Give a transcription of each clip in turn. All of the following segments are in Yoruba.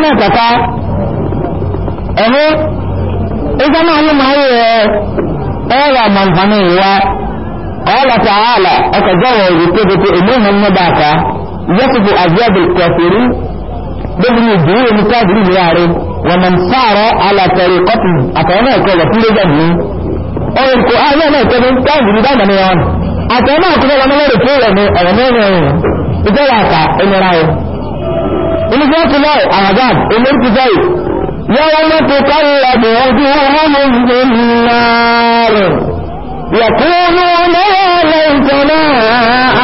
náà náà kàkà ẹ̀hún ìgbà náà ní máa yẹ ẹ̀rọ àmàǹfààní ìwá ọ̀ọ́lá tààlà ọkọ̀ jọ̀wọ̀ ìrètí gbogbo ìmúhàn mọ́dà ká yẹ́sùfù àjẹ́bù kẹfìrí bẹ́ẹ̀ ni ìdúró omi káàdìrí ní ààrẹ wọn mọ̀ sáàrọ̀ alàtẹ̀rẹ̀ kọ́pù àtàwọn náà kọ́ wọ̀ fúnlé jẹ̀mú ọ̀rọ̀ kò àárẹ̀ náà kẹ́bí káàdìrí bá mọ̀ ní wọn àtàwọn náà kọ́ wọn lọ́rẹ̀ tó rẹ̀ ní ọ̀rọ̀ mẹ́rin ìjọba àkà ẹnìyàrá yìí ولذات الله عذاب امرك زي يوم تقلب وجوههم في النار يقولون يا ليتنا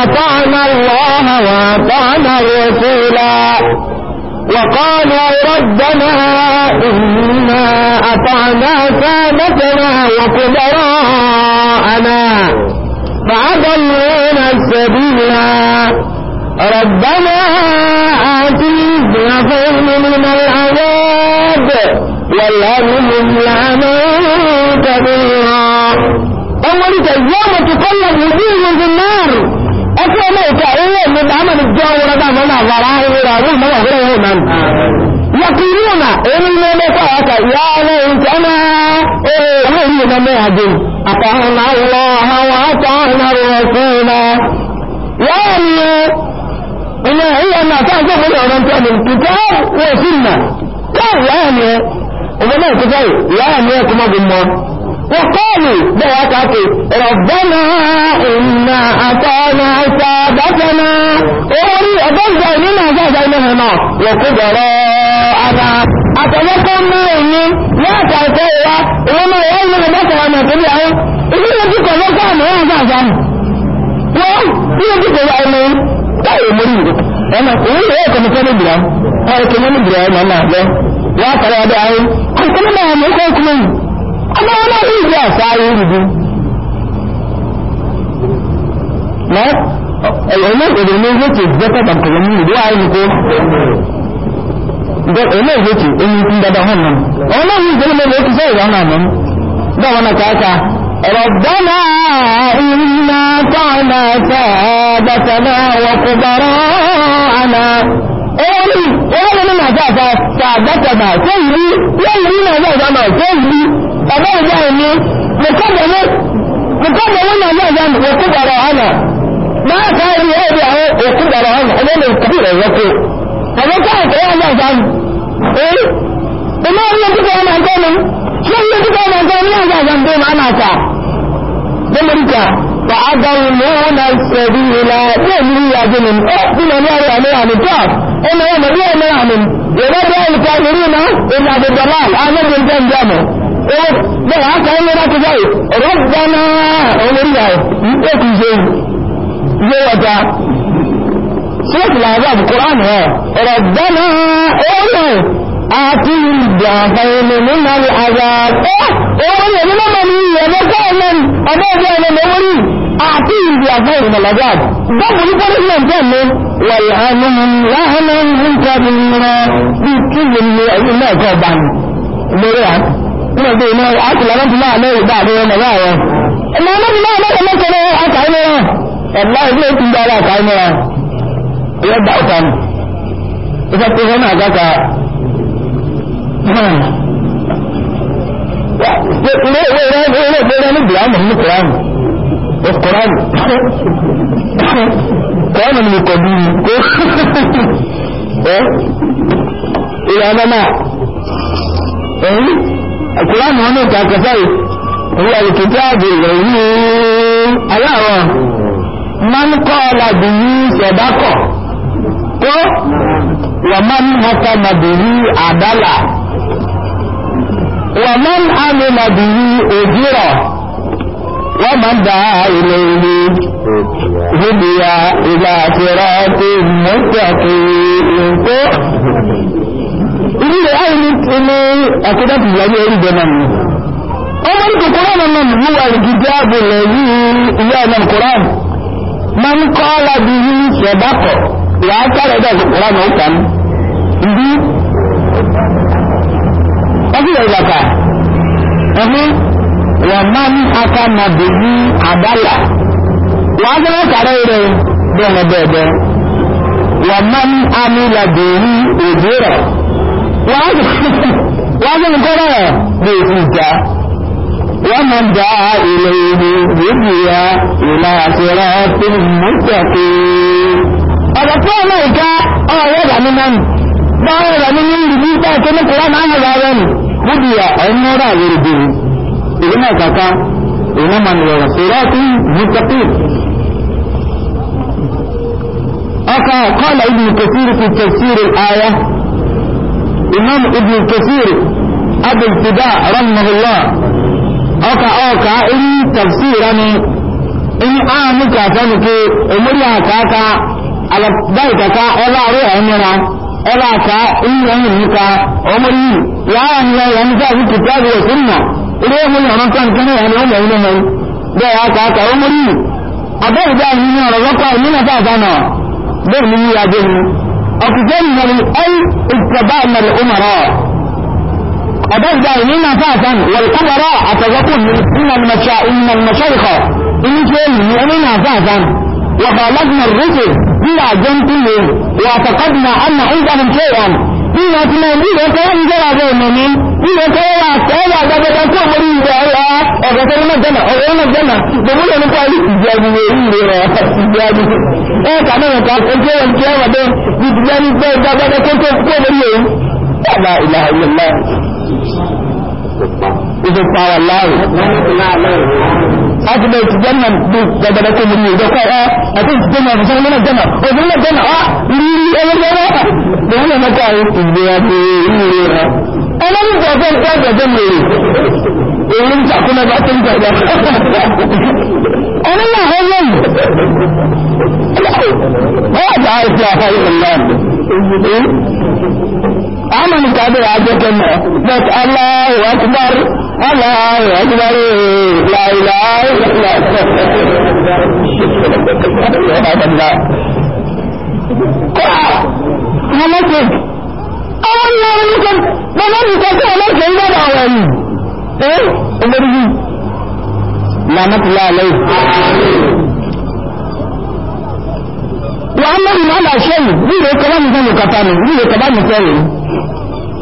اطعنا الله واطعنا الرسولا وقالوا ربنا انا اطعنا سادتنا وكبراءنا فاضلونا السبيلا ربنا يخاف من العذاب والأرض لعنى كبيرا أول يوم تقلب وجوه في النار أكوى موتا إيه من عمل الجو ردع منع ضرائه ورعوه منع غيره من يقولون إننا نتعك يا ليتنا إيه هم من مهد أطعنا الله وأطعنا الرسول àti àjọ ìmọ̀lẹ̀ ọ̀rọ̀ ń tẹ́lẹ̀ nǹkan wọ́n sí ìmọ̀ káà láàánú ẹ ọmọ náà tó fẹ́ láàánú ẹ kó mọ́gun mọ́ wọ́n kọ́ọ̀lù bẹ́ẹ̀ wá káàkó ọ̀gbọ́nà ìnà àtọ́nà àtàbátọ́nà orí ọgbọ́nà ìnà àgbàgbà ìmọ̀hàn náà wọ́n kó bọ̀rọ̀ ara àtọ̀lọ́kọ́ mẹ́rin láti àtọ́ ìwá ìwọ́n náà wọ́n ní ọgbọ́sọ̀rọ̀ àmọ̀ tó bí àwọn ìdílé tí kò lọ́kọ́ àmọ́ wọn àgbàgbà wọ́n ìdílé tí kò lọ́kọ́ àmọ́ wannan ko ne ya kuma kana bira a ke mana bira na na ba ya fara da ai an kuma ba mu ko kuma amma wala in ya sai rubu na al'umma da ne yake zaka ban kuma ni da ai ko da ina yake in kun da wannan wannan yin zama ne yake sai wannan nan da wannan kaka ربنا إنا طعنا سادتنا وكبراءنا àná orí ní nàìjíríà sàgbẹ́sẹ̀bà tó ìrí wọ́n ìrí nàìjíríà náà tó ìrí ọ̀dọ́ ìjọ ìní mùkọ́bẹ̀wọ́ nàìjíríà ní òkúgbàrọ̀ ọ̀nà máa káàrí ẹ̀rí àwọn òkúgbàrọ̀ ọ̀nà ẹgbẹ́ ìkàbí rẹ̀ wọ́pẹ́ àwọn káàkiri ọ̀nà ìjọba orí inú orí ojúkọ̀ ọmọ ìjọba ṣé orí ojúkọ̀ ọmọ ìjọba ní àjọ àjọ وأضلون السبيل يملي يجنن أحسن الله عليه عن الكاف أنا أنا بي أنا أعمل ومدى الكافرين إلا بالضلال أنا بالجن جامع بل حتى أنا راك جاي ربنا أمريا يكفي جاي جاي سورة العذاب القرآن ربنا أمريا àti ìjà àfẹ́yìnlẹ̀ nínú àyàkọ́ orí ẹ̀mí mọ́mọ́ ní ẹ̀mọ́kọ́ ọmọrin ọmọ ọmọ ọmọ mẹ́wọ́rí àti ìjà àfẹ́yìnlẹ̀ lọ́gbàd gbọ́gbù ní pọ́lẹ́sìmẹ̀n tẹ́lẹ̀ wàlhánúhùn láhánúhùn ń tàbí mìíràn bí kí ìlú ẹ̀yìn náà kọ́ bá ní lórí àti ìgbẹ̀ ìmọ̀ àti lọ́nà tó lóòrán ní bìlámù ní kùránù ọkùránù kùránù ní kọ̀bí ìlànà náà ẹ̀yí kùránù wọn ní ìtàkẹsẹ́yì ìwọ̀ ìkìtì ààbò ìrọ̀yí aláwọ̀ máa ń kọ́ ọ̀làbì yìí sẹ̀dákọ̀ tó wà máa ń mọ́ta màbì yìí àdálà wà mọ́n àmì màbí òjírọ̀ wọ́n máa dá ilé ilé rúbíyà ìlà àtìrà tí mọ́tàkì ìrìnkó ilé àìní ilé àkídàtì ìyàwó orígbẹ náà ni ọmọ ní kòkòrò náà náà mú wà ìgidì àbùlẹ̀ yìí ìyá ọ̀nà kòrán máa ń kọ́ ọ́ yìí ṣẹ̀dákọ̀ ìyá kárẹ̀dà kòkòrò náà ó àbíyẹ̀ ìlàkà ẹ̀hún wọ́n máa ń aka na bèbí àdálà wọ́n á fẹ́ kàrẹ́ rẹ̀ bẹ́ẹ̀ bẹ́ẹ̀ wọ́n máa ń amílà bèbí òjò rẹ̀ wọ́n á fẹ́ kọ́rọ̀ rẹ̀ bèbí ìjà wọ́n máa ń dá ilé ìlú bèbí ya ìlà àṣírà tó mọ́tàkì ọ̀rọ̀ tó ọ̀nà ìka ọ̀rọ̀ rẹ̀ nínú báwọn rẹ̀ nínú ìrìbí bá ìkẹ́lẹ́kọ̀ọ́ máa ń yọ̀ hudiya aymora yurdu ina kaka ina man wala sirati أكا قال ابن كثير في تفسير الآية إمام ابن كثير أبو ابتداء رحمه الله أكا أكا إن تفسيرا إن آمك فنك أمريا كاكا على ذلك كاكا أولا روح أمرا ọbaaka ìyẹn nìka ọmọ yìí yàrá nìyà yà nìka àti kìtàbí ẹ̀sìn nà ilé ọmọ yìí ọmọ kan kan yà ni ọmọ yìí nìyẹn bẹ́ẹ̀ yà kà kà ọmọ yìí abẹ́rẹ́ bá yìí ní ọ̀rọ̀ lọ́kọ̀ yìí nà bá àbá nà bẹ́ẹ̀ ni yìí adé mi ọ̀kùnjẹ́ nìyẹn ni ẹ̀yìn ìtẹ̀bá mẹ́rẹ̀ ọmọrọ̀ abẹ́rẹ́ bá yìí nínú àbá àbá nà wọ́n kọ́bọ̀rọ̀ àtẹ̀wọ́kùn nínú mẹ́ṣẹ́ ìnà mẹ́ṣẹ́ ìkọ̀ ńlá jẹ́ńtìlẹ̀ wà fọ̀kọ́dùnà ọmọ ìgbàmù tó wà nínú ọtí mọ̀ ní ìwé tó ń jẹ́ra rẹ̀ mọ̀ ní ìwé tó wà tẹ́wà gbẹgbẹgbẹ tó mọ̀ ní ìwé ọ̀rọ̀ ọ̀rọ̀ tó náà jẹ́nà ọ̀rọ̀ náà jẹ́nà gbogbo lónìí kọ́ ní ìjẹ́bùwé ìwé rẹ̀ ìjẹ́bù ẹ̀ kàmọ́ nǹkan ojú ẹ̀ ń jẹ́ ọ̀dọ́ ìdílé ní gbẹ́ gbẹgbẹ tó tó kó lórí òun bàbá ìlà ìlà ìlà ìlà أجل يتجنن بجبلة مني ذكر آه أكون تجنن بسم الله الجنة وبسم الله الجنة آه لي أنا جنة بقول أنا كاي تجنن أنا من جبل كذا لي إيه تأكل بعد كذا أنا ما هلم ما عارف يا خير الله أنا مستعد أعجبك بس الله أكبر Allahu Akbar la ilaha illallah Kọ́ra ọmọdé àwọn ní ọmọ ní kan bọ́lá ní kan tí ọmọ jẹ́ ìgbàdà ọ̀rọ̀ ni ẹ́ ọgbẹ̀rẹ̀ yìí lànàtìlá aláì wà á mọ́rin náà ṣẹ́yìn bí ìrẹ́kọ́ bá mi fẹ́ mi kàtà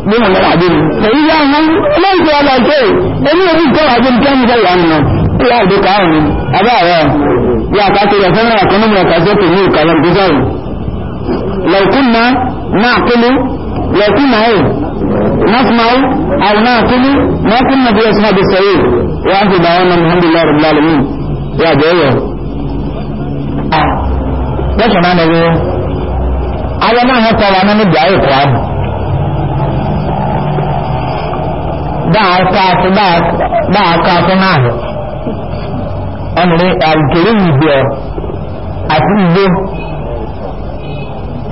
bí wọn lọ́wọ́ àdé mi. Èyí yá wọn ọlọ́ọ̀kọ́ ọba tó èmi ò ní kọ́ àdé mi kí wọ́n fẹ́ yà nù. Ìyá òde káwọn ni, àbá rẹ̀ yà ká ti rẹ̀ fẹ́ràn àkọ́nú mi ọ̀kà sókè ní ìkàlẹ̀ gbèsàrò. Lẹ̀kún náà náà kúlú, lẹ̀kún náà ẹ̀ نسمعوا أو نأكل ما كنا في أصحاب السعير وأنت دعونا الحمد لله رب العالمين يا جاية ده كمان ايه على ما هتوانا نبدأ ايه قرآن dáàka fún ààrẹ ọmọdé àìkèrè ìgbẹ́ ọ àti ìgbó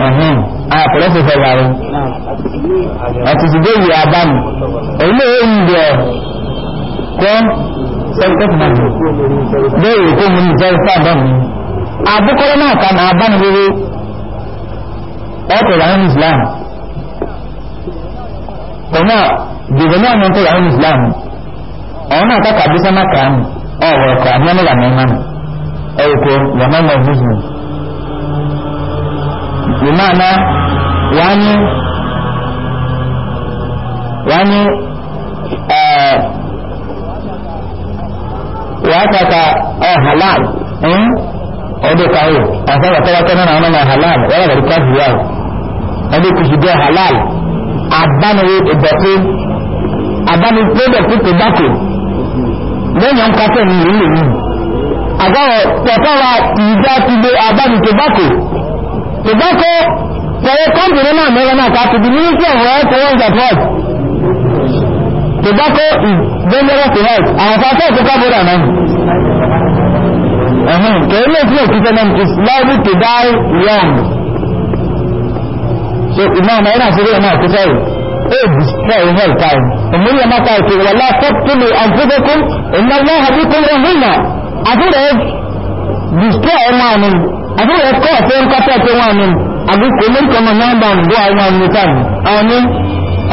ọ̀hún àpẹẹrẹsẹ̀ fẹ́lárẹ ọ̀tùtùgbé yìí àbámi èyí èyí ìgbẹ́ ọ kọ́ sẹ́kẹ́tìmọ̀tì bẹ́ẹ̀ kó mú ní jẹ́rìfà bọ́ọ̀mù àbúkọ́rọ́ náà kan àbámi wíwí ọ̀tọ̀ ìlànà islam kọ̀ náà jùlọ náà ní ọkọ ìyàwó islam ọ̀hún náà kọ́kọ́ àdúsá máa kà á nù ọ̀wọ̀ ọ̀kọ̀ àmọ́nìlà mẹ́mà nù ẹ̀wùkọ́ wàmọ́mọ́ bísmù ìmáàná wàányí wàányí wàákàkà ọ̀ halal ọdún káwọ̀ àtàwàtàwàtà náà àwọn ọmọ halal wọ́n rẹ̀ kọ́ fìyàwó ọdún kùsùgbọ́ halal àbánuwé ìdọ̀tí àbámi pẹ́lẹ̀ fún tobacco lẹ́yìn ọkọ̀ fẹ́ ní ìlú ìlú àgbáwọ̀ pọ̀tọ́wà ìjá ti gbé àbámi tobacco tobacco tẹ̀wọ́ kọ́mpìnrin náà mẹ́rọ náà ká ti di ministry of health and health tobacco is dangerous to health àwọn afẹ́ ìtọ́kọ́ bọ́dà náà ẹ̀hìn kẹ́lẹ́ sí òkúta náà is likely to die young so ìmọ̀ ọmọ ẹ̀rọ àṣírí ẹ̀ náà kó sọ́rọ̀ AIDS fẹ́ẹ̀ hell time ìmúlẹ̀ mọ́ta ètò wà látọ́tùlù àfúgbókún ìnáwó àbíkún ìhìnà àbúrẹ̀ destroy ẹmọ àmì àbúrẹ̀ kọ́ ọ̀fẹ́ ń kọ́tọ̀ tó wọn àmì àbúkò mẹ́kànnà nọ́mbà ń bọ́ àwọn àmì tàn àmì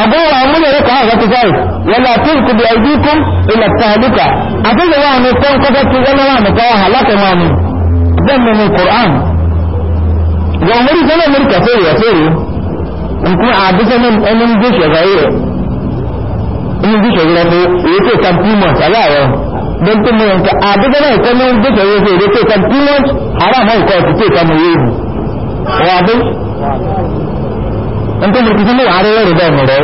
ọgọ́rọ̀ àmúlẹ̀rẹ́ kan àgbàtíjáì wọlá tí kò bí ẹgbẹ́kún ilẹ̀ tààdùkà àbúrẹ̀ wọn àmì tó ń kọ́tọ̀ tó wọn àmì tó wà látẹ̀ wọn àmì nkú àbúsẹ́ náà ẹni ń gbé ṣẹ̀gbà rẹ̀ ẹni gbé ṣẹ̀gbà rẹ̀ èyí tó kan pimọ̀t aláàrọ̀ dẹ́ntẹ́ mọ̀ nǹkan àbúsẹ́ náà ìkọ́ náà ń gbé ṣẹ̀gbà rẹ̀ èyí tó kan pimọ̀t aráàmọ́ ìkọ́ ti tó kan mọ̀ yéèbù ọ̀wàbí ntọ́ mo ti fún mọ̀ àárẹ̀ rẹ̀ bẹ́ẹ̀ mọ̀rọ̀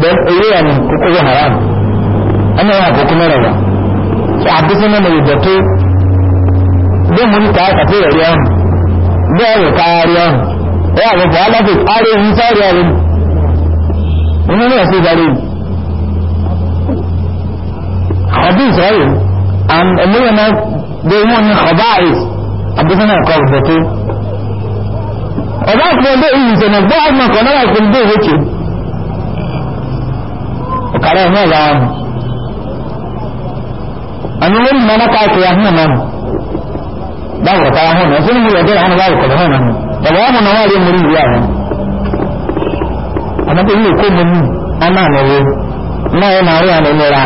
bẹ́ẹ̀ èyí wà ní kókó haram ẹni wà kókó mẹ́rẹ̀ wà so àbúsẹ́ náà mọ̀ ìdọ̀tó bẹ́ẹ̀ mo ní káàkiri rẹ̀ ọ̀hún bẹ́ẹ̀ rẹ̀ káàrí ọ̀hún ẹ àwọn fàálàfẹ́ ààrẹ yìí sáré ààrẹ inú náà sí ìdarí ọdún ìsọ́rẹ̀ ẹlẹ́yìn náà dé wọ́n ní ọba àìs àbúsánà ẹ̀kọ́ ọ̀pọ̀tọ́ ọba àkọọ́lẹ̀ ìyìn ìṣẹ̀nà gbọ́ àmà kọ̀ọ̀lọ́wà ìpínlẹ̀ ìwéke ọ̀kàrà ẹ̀mọ́ ọ̀la àmì wọ́n mọ̀ náà káàkiri ahọ́n náà báwọ̀ kọ̀ọ̀lọ́ bàbá wọn náà wà rí mú rí ìwé àwọn àmọ́tò yìí kó mú mú ọmọ àmọ́wé náà yẹn máa rí àmọ́ ìnira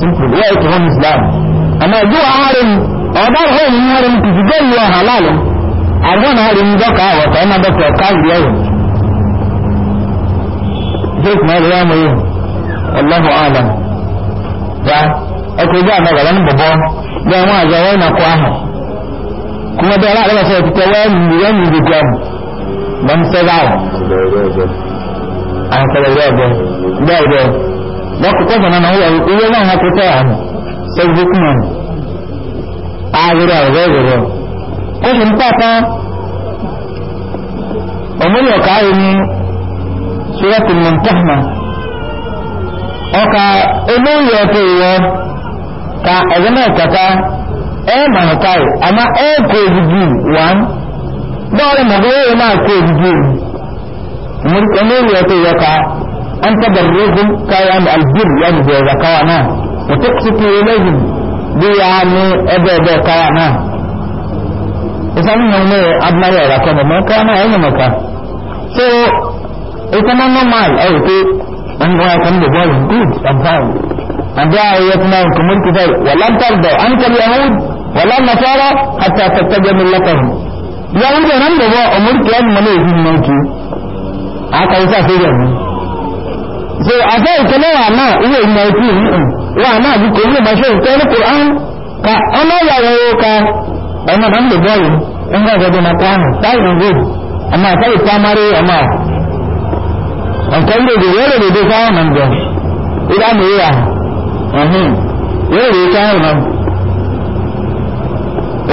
simple wọ́n ètò wọn islam àmọ́ ìjọ ààrẹ mi ọ̀dọ́ ọ̀hún ní ààrẹ mi kìí gbé ìwé ọ̀hà láàlú àgbọ̀n náà rí mi dọ́kà àwọ̀tọ̀ ọmọ dọ́kà ọ̀ká ìwé ẹ̀yìn jake ma da yamu yi wallahu alam ya akwai kuma da ra'ayi sai fita wani wani da jam ban sai da an kala da da da da da ku kafa nan wa iya nan haka ta an sai hukuma a gura da gura ko shin ta ta umul yaqa'i ni o, mumtahna oka elu yote yo ka agana kata ẹ eh, eh, eh, ma nìkaì àmá ẹ kò ìdìdì wọ́n bọ́ọ̀rọ̀ mọ̀gbọ́rọ̀ máa kò ìdìdì mọ̀lẹ́rì ẹ̀kọ́ yọka an tabar rogin kayan albir ya ji bẹ̀rẹ̀ kawa náà wata suke lẹ́yìn bí ya ní ẹbẹ̀ ẹbẹ̀ kawa náà ìsàmì náà ní adúláyà ẹ̀rà kọ́ mọ̀ kawa náà ẹ̀yìn mọ̀ká so ita ma normal ẹ̀rù pé an gbọ́ wala nasara hatta tattabi'a millatahum ya wanda nan da ba umur kiyan mana yi nan ki aka yi sa sai da mu so afa ikele wa na iwe ina ki wa na bi ko ne ba shi ko ne qur'an ka ana ya yo ka ana nan da boy in ga ga na ta ne sai nan go amma sai ta mare amma an kan da da yare da da sa nan go ida mu ya ahin yare ta nan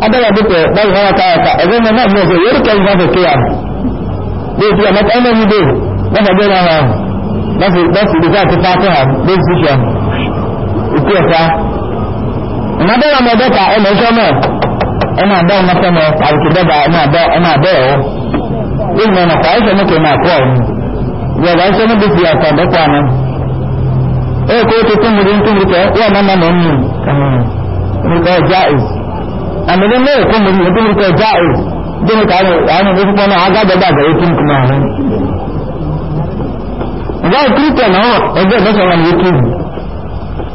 adaba duka bai hawa kaya ka a zama nan mafi yau kai za ka kiya bai fiye na ƙaunar yi bai na faɗi na hawa na su da su duka ta fatiha bai su shi ikiya ta na dawa mai daka a mai shoma ina da mata mai alki daga ina da ina da yau yin mai na kwaye shi muke na kowai ya ba shi na bisi a kwanda kwanan eh ko ta tumurin tumurta wannan na mai yi kamar ni àmìlẹ́ mẹ́rin kó mọ̀rí ẹgbẹ́ nìkan já ẹ̀ dínú kàárọ̀ àwọn ọmọ ìfúnpọ̀ náà agájọba àgbà ètò ìkùnmọ̀ àwọn ìgbà ìkúrìtẹ̀ náà ẹgbẹ́ ìgbẹ́sọ̀ wọn ni ètò ìlú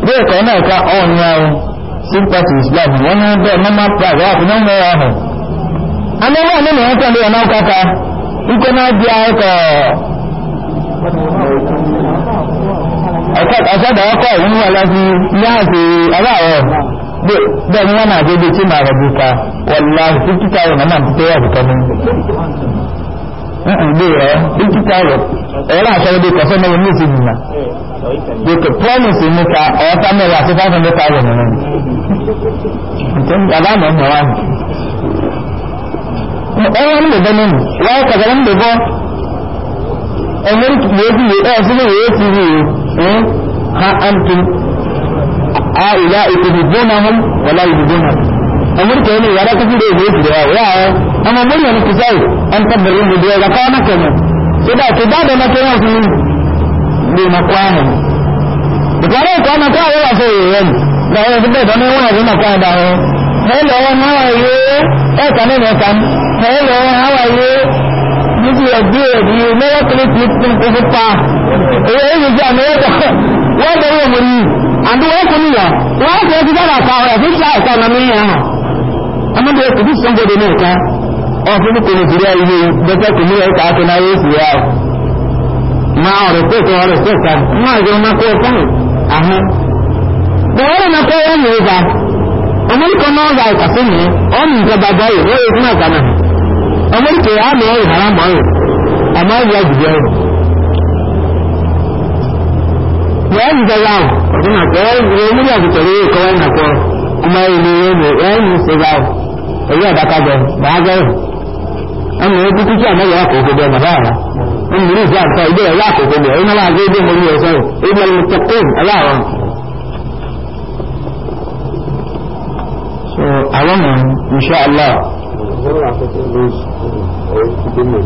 bí ẹ̀kọ́ náà ká ọ̀nà ọ̀hún sympathy islam wọn ní bẹ́ẹ̀ normal price wà fún ọmọ ọ̀hún amẹ́wọ́ àmì ni wọ́n tẹ̀ lé ọ̀nà ọ̀kọ̀ọ̀kọ̀ ikọ́ náà di ẹ̀kọ́ ọ̀sọ̀dọ̀ ọkọ̀ ìwúwọ̀ lọ sí dan yana daidai ce na rubuta wallahi duk kitabu na nan fito ya fita mun bai ya duk kitabu yana ta dai ka sanar mun su dina dai ka promise mu ka a wata mai wasu ta san da ta wannan nan mutum alama ne wa mu dan wani da ganin wa ka ganin da go Amerika ne ya ji ya ɗaya su ne ya ci ne ha antum ha'ula yuhibbunahum wa la yuhibbunahum amurka yana yara kafi da yake da yawa amma mun yana kusai an tabbarin da ya ka maka ne sai da ke da na kira su ne makwana da kare ka na ka yawa sai yayin da ya da da ne wani na ka da hello how are you eh kana ne kan hello how are you níbi ẹ̀gbẹ́ ẹ̀rí mẹ́wàá tó lè fi kún kún fún pa èyí èyí jẹ́ àmì ẹ̀dọ̀ wọ́n bẹ̀rẹ̀ òmùrí àdúgbò kúnlọ wọ́n fẹ́ ti dára pa ọ̀rọ̀ fún ṣáà ẹ̀kọ́ ọmọ yẹn hàn ọmọdé kò tí sọ́jọ́ dé ní ẹ̀ka ọ̀fún kò ní ìdílé ilé bẹ́tẹ̀ kò ní ẹ̀ka àti náà yóò sì yá o máa ọ̀rọ̀ tó tó ọ̀rọ̀ tó ká máa jẹ́ ọmọ kó fún àhún. bọ̀wọ́ ọ̀nà kó wọ́n mú ìgbà ọmọdékọ náà ra ìkàsí mi ọ̀nà ìjọba báyìí lórí ìfúnnà kan náà ọmọdékọ yà á mọ̀ ọ̀rọ̀ yayin da yawo kuma yayin da mu da ku tare kawai na ko kuma yayin ne yayin sai yawo yayin da ka ga ba ga an ne duk kici amma ya ko ko da ba an ne za ta ida ya ko ko da ina ba ga da mu ne sai ina muttaqin alawa so awon insha Allah Ní ènìyàn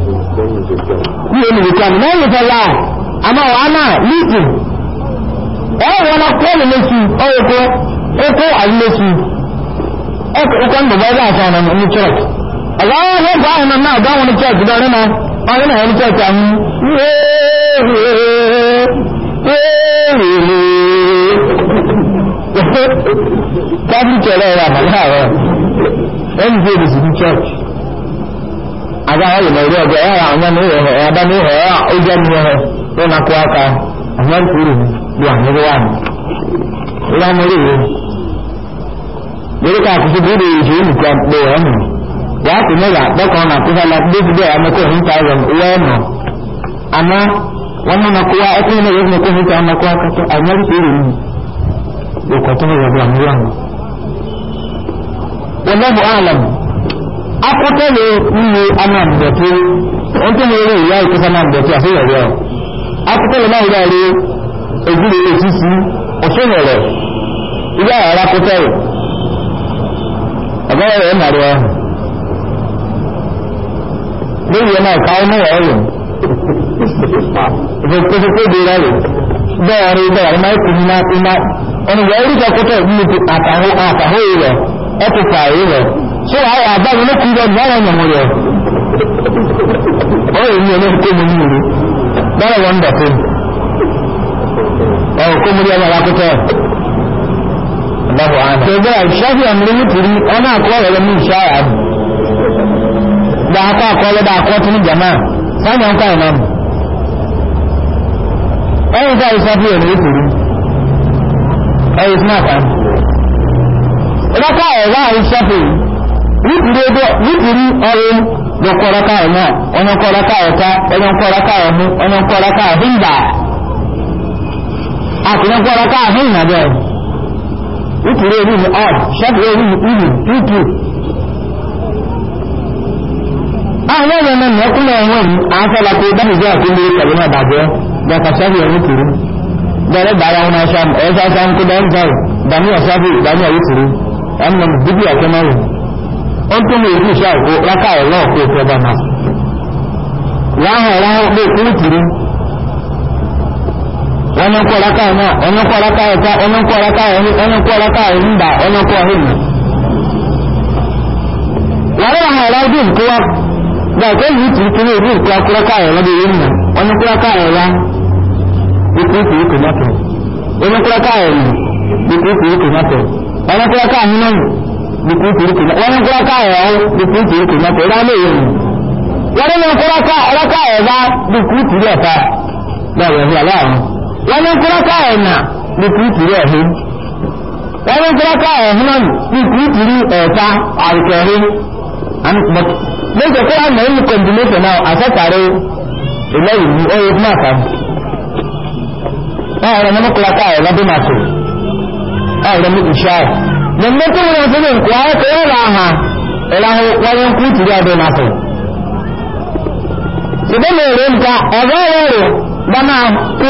kan, lẹ́yìn fẹ́ láà, àmọ́ wàá náà, líìtì ọ̀rọ̀wọ́n pọ́lù lẹ́sù ọ̀rọ̀kọ́ ẹkọ́ àrílẹ́sù ẹkọ́ ń ndụ bụ àṣà ọ̀nà ní church àwọn ọgbà ọ̀nà náà dáwọn ní church dọ́rin náà ọ̀rọ̀ náà ní church na Àgbáwọ̀ ìlọ̀rí ọgbẹ̀ ẹ̀rà na kó áka duwan ne ruwa ne ruwa ne ruwa yóò ká àkóso bóde ìṣe olùkọ́ pé ọ̀nà wàá kò mẹ́wà lọ́kàn ọ̀nà àkóso aláàbòsí bẹ́ẹ̀ ọmọkò ní tààrọ̀ owó ọ̀nà àmọ́ wọ́n mú ọkọ̀ wá ẹkún náà yóò mọ̀kọ́ níta ọmọkọ́ akọ́tọ́ àmọ́rí tó rèé nù òkò tó rẹ̀ wà níwọ̀n. wọn lọ́mọ àlàm akọ́tọ́ lè nílò anáàbẹ̀tẹ́ ohun tó mú eré ìyá ìkọ́sọ́ anáàbẹ̀tẹ́ àfihàn rẹ̀ akọ́tọ́ lè máa ojúlé etí sí ọ̀ṣọ́nà rẹ̀ ilé àrá kó tẹ́rù ọ̀gọ́rọ̀ rẹ̀ nàrí ọ̀hún lórí ẹ̀ náà káwọn náà ọ̀rùn ìfẹ̀kọ́sọ́kọ́dé rẹ̀ bẹ́ẹ̀ rí bẹ́ẹ̀ rí máa kùn náà iná ọ̀nà ìwọ̀ orí kọ́kọ́tọ̀ nínú àtàhó rẹ̀ ọ̀pùpà rẹ̀ ṣé àwọn àbáwọn olókùn rẹ̀ nọ́rọ̀ ìyàmọ̀ rẹ̀ ọ̀rọ̀ ìyẹn ló kó mi nínú rẹ̀ lọ́rọ̀ wọ́n dọ̀ fún mi ẹ̀wọ̀n kó múrí ọmọ alákútọ́ ṣẹgbẹ́ ìṣẹ́fì ọmọlẹ́yìn tìrí ọmọ àkọọ́rẹ̀ rẹ̀ ní ìṣẹ́ àyà dáakọ́ àkọọ́lẹ̀ dáakọ́ tún jama sáyẹn ń káyẹ̀ náà ẹ̀yìn ká ìṣẹ́fì ọmọlẹ́yìn tìrí ẹ̀yìn sinapa ọlọ́kọ̀ ẹ̀wà ìṣẹ́fì nítorí ọrùn lọ́kọ̀ọ́lọ́kọ̀ ẹ̀mọ́ ọ̀nà kọ̀ọ́lọ́kọ̀ ẹ̀ta ẹ̀yìn kọ̀ọ́lọ́kọ̀ ẹ̀mú ọ̀nà kọ̀ọ́lọ́kọ̀ ẹ̀hìndà ah gbọ́ra káàkiri ìrìnàjò ẹ̀ ìkùnrin èrí ni ọ̀d ṣẹ́kùnrin èrí ni ìlú pípù àwọn ọmọ ẹ̀mọ́ ẹ̀kúnlẹ̀ ẹ̀wọ̀n yìí àásọ́lá pé dábìjẹ́ àkúnlẹ̀ ìkẹ̀lẹ̀ náà bàjẹ́ dọ̀kà ṣẹ́kù ẹ̀rí kìrì bẹ̀rẹ̀ bàrà wọn aṣọ ẹ̀ṣọ́ aṣọ ńkú dẹ́ńtàì dàmí na onye nkwọrọ ka ya onye nkwọrọ ka ya onye nkwọrọ ka ya onye nkwọrọ aka ya mba onye ya wàrà àhàrà ọdún nkúwa gbàgbé yìí tì tì ní onye ya ikú ikú ikú onye ya ikú ikú ikú onye ka ya ikú ikú ikú onye ya ikú ikú ikú ya ya ikú ikú ikú yẹn wani kuraka ẹ̀nà ní kìrìtìrì ẹ̀hìn wani kuraka ẹ̀hìn náà ní kìrìtìrì ẹ̀ta àrùkẹ̀hìn lẹ́sẹ̀ kọ́ra náà ní kọ̀ndínlẹ́sẹ̀ náà àfẹ́tàrí ìlẹ́yìn ní ọyọ fún àkà ọ̀rọ̀ mọ́nà kuraka ẹ̀rọ bí máa tó ọ̀rọ̀ ní ìṣá ẹ̀ lẹ́mọ́ tó wọ́n fún nǹkọ́ ọkọ̀ ọ̀rọ̀ àhà ẹ̀rọ wọ́n kìrìtìrì ọdún máa tó ṣùgbọ́n mẹ́rin nǹkan ọ̀rọ̀ ọ̀rọ̀ bá máa kú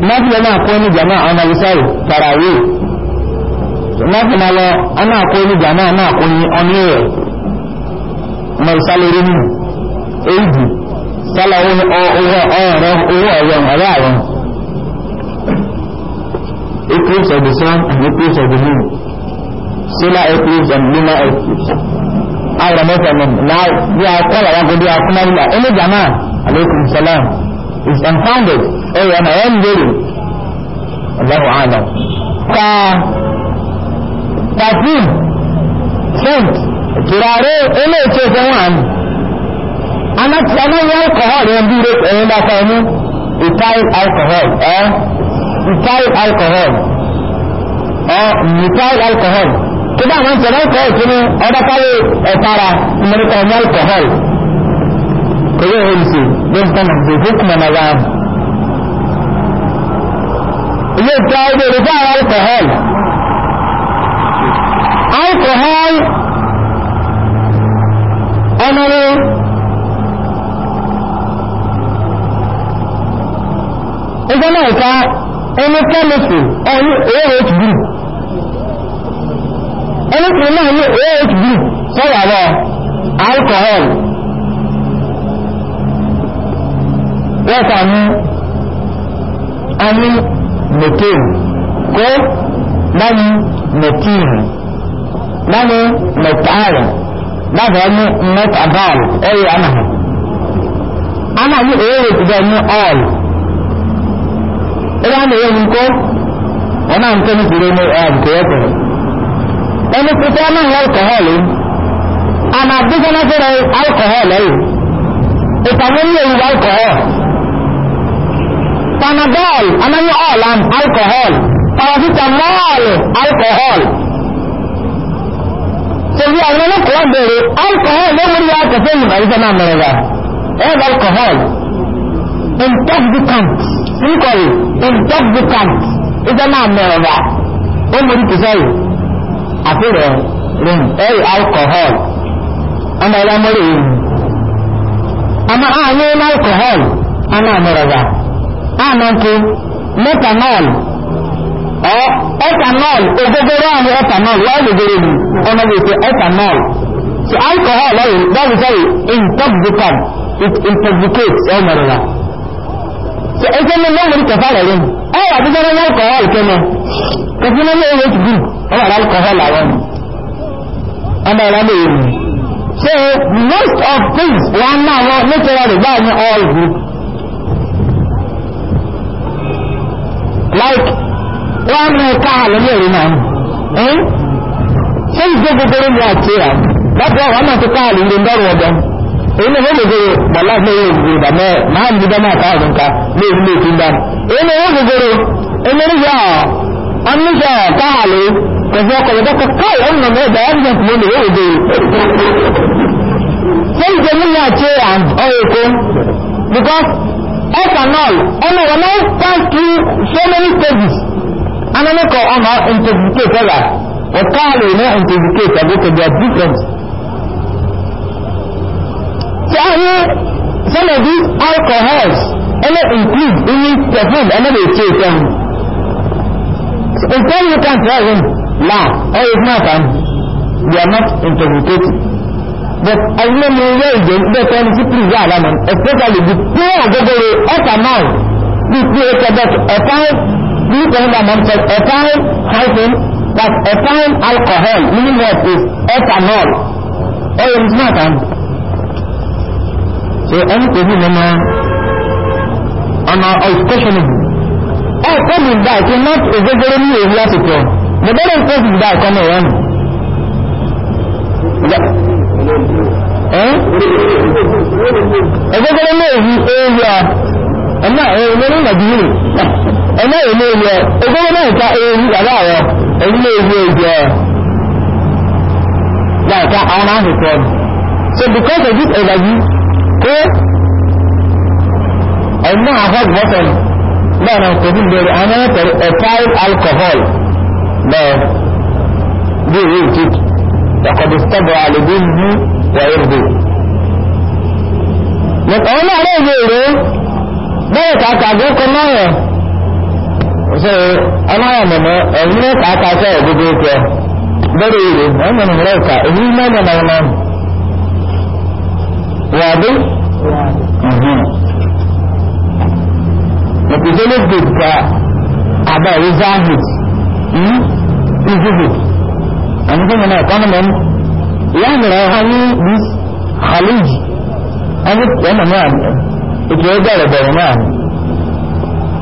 nafila náà kó ní jama ọ̀nà ìsáyò tàràwé nafila lọ ọ̀nà kó ní jama náà kó ní ọ̀nà ẹ̀ mọ̀ ìsálórí nù èyí sálà owó ọ̀rọ̀ owó ọ̀rọ̀ ọ̀rọ̀ àwọn eclipse of the sun and eclipse of the moon solar eclipse and lunar eclipse àwọn mẹ́fà mọ̀ náà bí a kọ́ làwọn gbogbo ẹni jama alaykum salam is unfounded ẹ̀yẹ ma ẹ̀ ń bèrè ọlọ́run àná ka perfume scent tùràrí eléèké fún wọn àmì anáwó alcohol yẹn bí rẹ ẹ̀yìn bá kọ́ ní ethyl alcohol ẹ́ ethyl alcohol ẹ́ ethyl alcohol tó bá àwọn ìṣẹ̀lẹ̀ alcohol tí ní ọdọ́kọ́wé ẹ̀tara ìmọ̀lẹ́kọ̀ọ́ ní alcohol kò yẹ èyí sí lóṣìṣẹ́ náà ilé ìta ẹgbẹ̀rẹ̀ fún àwọn alcohol alcohol ọmọrẹ ẹgbẹ́ náà ká ẹni kẹ́lẹ̀sì ọ̀ní AH group ẹni kìí náà ní AH group sọ́wọ́ àwọn alcohol wọ́n kà ní metin ko lani metin lani metal láti ẹni metabal ẹ̀yẹ anahu anahu èrè ti bẹ́ẹ̀ ní all ẹ̀rọ àmì ẹ̀yẹ nìkó wọn náà ń tẹ́ ní kúrò ní all kúrẹ́kù ẹni pípẹ́ náà ní alcohol àmà àdúgbò náà fẹ́rẹ̀ alcohol ẹ̀yẹ ìtàwọn ní èyí alcohol panadol anaghị ọl am alcohol paracetamol alcohol sọ̀rọ̀ àwọn ọlọ́pàá bẹ̀rẹ̀ alcohol ló mú ní àtẹ̀fẹ́ ìlú àríṣẹ́ náà mẹ́rẹ̀ rà ẹ̀rọ alcohol intoxicant níkọ̀rì intoxicant ìṣẹ́ náà mẹ́rẹ̀ rà ó mú ní kìsẹ́rì àfihàn rìn ẹ̀rọ alcohol ọmọ ẹ̀rọ mọ́rẹ̀ yìí àmọ́ àyẹ́ alcohol a náà mẹ́rẹ̀ àmọ́kí methanol or ethanol ogogoro àmì ethanol wọ́n lè gẹ́rẹ́ ní ọmọ ìpé ethanol so alcohol ọ̀yìn that is sorry intoxicant it intoxicates ọmọ rẹ̀ so ẹgbẹ́ ní wọ́n mọ̀rí kẹfà rẹ̀ lẹ́nu ọ̀rọ̀ àbúgbọ́ ní alcohol kẹ́nà kẹfì ní ẹ̀rọ ti gùn ọ̀rọ̀ alcohol àwọn ọmọ ìrọ̀lẹ́ yìí so most of things wọ́n náà wọ́n nítorí ọ̀rọ̀ báyìí all group like wọ́n mú ká àlọ́lẹ́ rí náà ẹ́n ṣe ìgbé gbogbo ní àti rà lọ́pọ̀ wọ́n máa ti ká àlọ́lẹ́ lọ́rọ̀ ọdọ́ èyí ni wọ́n lè gbogbo bàlá mẹ́rin ìgbè ìgbà mẹ́rin máa ń bí dámà ká ká lóòrùn lè fi èyí ni wọ́n gbogbo ẹmẹ́rìyà ọmọdé ká àlọ́ kọfí ọkọ̀lẹ̀ dọ́kọ̀ káì ọmọ mẹ́ta ẹ̀dẹ̀ mọ́ lè wọ́n gbogbo ṣe ìgbé mú ní àti rà ọ̀rọ̀ because up and all ọmọ wọn náà pass through so many stages anamikọ ọmọ interpretate ẹ̀yà ọ̀ká àlè ní interpretate àgbẹ̀kẹ̀ they are different so ayé some of these alcohols ẹlẹ́ include inú perfume ẹlẹ́ lè ṣe ìfẹ́ mu nǹkan yìí kan tẹ́ ẹ̀yìn láà ẹ̀yìn fún àtàwọn they are not interpretative but ẹgbẹ́ mi yẹ ìjẹ́ bẹ́ẹ̀kọ́ ní sípìlì yà àlámà especially the poor ogogoro ẹ̀ka náà bí pé ẹ̀ka bẹ́ẹ̀ ẹ̀ka bí ìtàn ìgbà máa ń tẹ ẹ̀ka hyphen that ẹ̀ka alcohol meaning what is ethanol ẹ̀yẹ ní sinata ní. so ẹni tó bí mi máa ọ̀nà ọ̀ìkọ́ṣọ́nìbù ẹ̀ kọ́ mi dá ìpín not ogogoro ní èyí àsìkò mo bẹ́ẹ̀ ní kó mi dá ìkọ́mọ̀ ẹ̀rọ nù ẹgbẹ́gbẹ́rẹ́ lóòrùn èèyàn ẹ̀mà ẹ̀rọ nàìjíríà ẹ̀mà èèyàn èèyàn ẹgbẹ́gbẹ́ náà ta èèyàn bàbá rẹ̀ ẹ̀yìn èèyàn èèyàn láìka àwọn àhùkọ́ so because of this ẹ̀dàjú kó ẹ̀mà àhọ́d bọ́tọ̀n náà nà kò bí bẹ̀rẹ̀ àwọn ẹ̀tàl alcohol bẹ̀rẹ̀ bí èèyàn وقد استبرع لدينه وعرضه ọ̀rọ̀ náà rẹ̀ ìwé ìró bẹ́ẹ̀ kàkàgbé kan náà ṣe ọlọ́rọ̀ mọ̀mọ́ ẹ̀yìn náà kàkàṣẹ́ ìgbogbo ẹ̀kọ́ bẹ́rẹ̀ ìró ọmọ rẹ̀ ìkà èyí mẹ́rin náà náà wà dé mọ̀kùnjẹ́ ló gbèdìkà àbá ìwé zahid hmm? ìzúhù I'm thinking of economy. Yang rahayu this Khalij. Aku emang ya, itu juga ada bagaimana.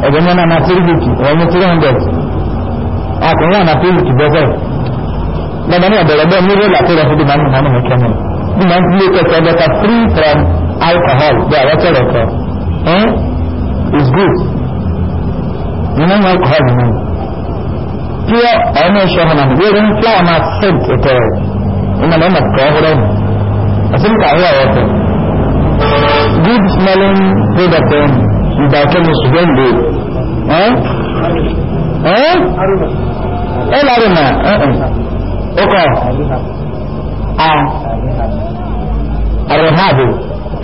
Bagaimana nasir biki, orang itu yang dek. Aku yang nasir biki besar. Dan ini ada lebih mirip lah tidak sedih mana mana macamnya. Di mana kita kita free from alcohol, dia wajar alcohol. Eh, is good. Minum alcohol minum pure ọ̀nà ìṣọ́ ọ̀nà lórí ń fún ọ̀nà saint ìtẹ̀ ìmọ̀ lọ́nà kọ́ ọ̀rọ̀ àtúnkà àwọn ọ̀rọ̀ tẹ̀ good smelling product ẹ̀ ìgbà kẹ́mi ṣùgbọ́n ìgbè ẹ̀ lárí mà ọkọ̀ àrùhábù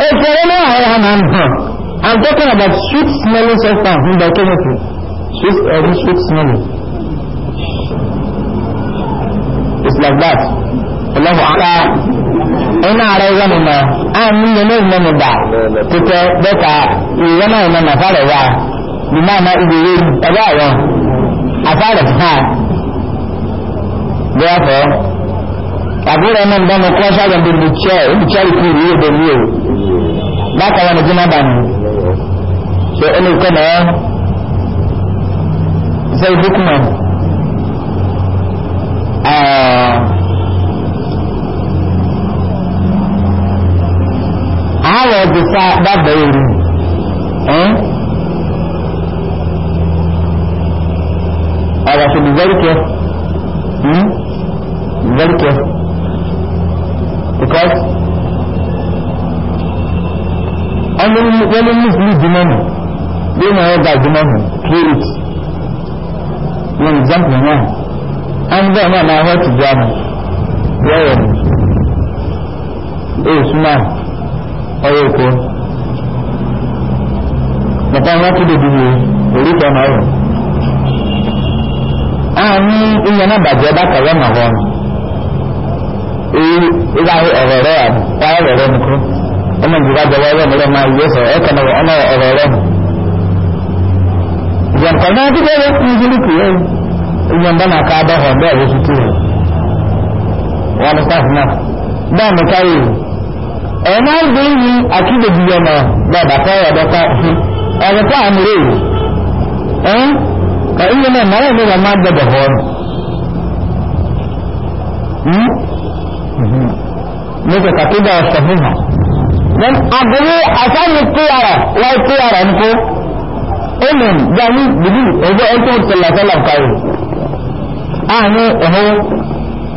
ẹ̀kọ́ ọ̀nà àwọn ọ̀nà náà I'm talking about sweet smelling substance in biochemistry. Sweet, uh, sweet smelling. It's like that. Allah Ta'ala ina ara ya ne ma an ni ne ne ne da to te beta ya na ne na fara ya ma na ibi yi aba ya a fara ha therefore abura nan da mu ko sha da bi ce bi ce ku ri da ni ààrẹ ẹgbẹ̀sá dábẹ̀ orí ọ̀rọ̀ ṣe bí very care hmm? very care because wọ́n ní muslim jimọ́nù bí wọ́n yẹ́ gba jimọ́nù clear it ní example náà an ba ma na wata jamu yawan eh suna ayo ko na ta wata da dubu ori ta na yau a ni iya na bàjẹ́ bá kàwé mà wọn ìlàhí ọ̀rọ̀ rẹ̀ àbúkọ́ ọ̀rọ̀ rẹ̀ nìkan ọmọ ìjìbá jẹ́ wọ́n rẹ̀ máa yẹ sọ ẹ̀kọ́ náà ọmọ ọ̀rọ̀ rẹ̀ ìjọba náà ìyẹn bá máa ká dáhọ̀ bẹ́ẹ̀ ló tutù rẹ̀ wọ́n ní sáfù náà bá mi káyè ẹ̀ máa ń gbé yí akíndèjì yẹn náà bẹ́ẹ̀ bàtà ẹ̀ dọ́kà ọ̀rọ̀ tó àmì rè ẹ̀ kà ìyẹn náà máa ń lè máa gbẹ̀dọ̀ họ́ ní kò kàtó bá ọ̀sẹ̀ fún hàn then agbowó asáni kúyàrá wáyé kúyàrá nkó ẹnìyàn gbani bìbí ẹgbẹ́ ẹ̀ńtọ́ tẹ̀lé àtàlà káyè ààrin ọ̀họ́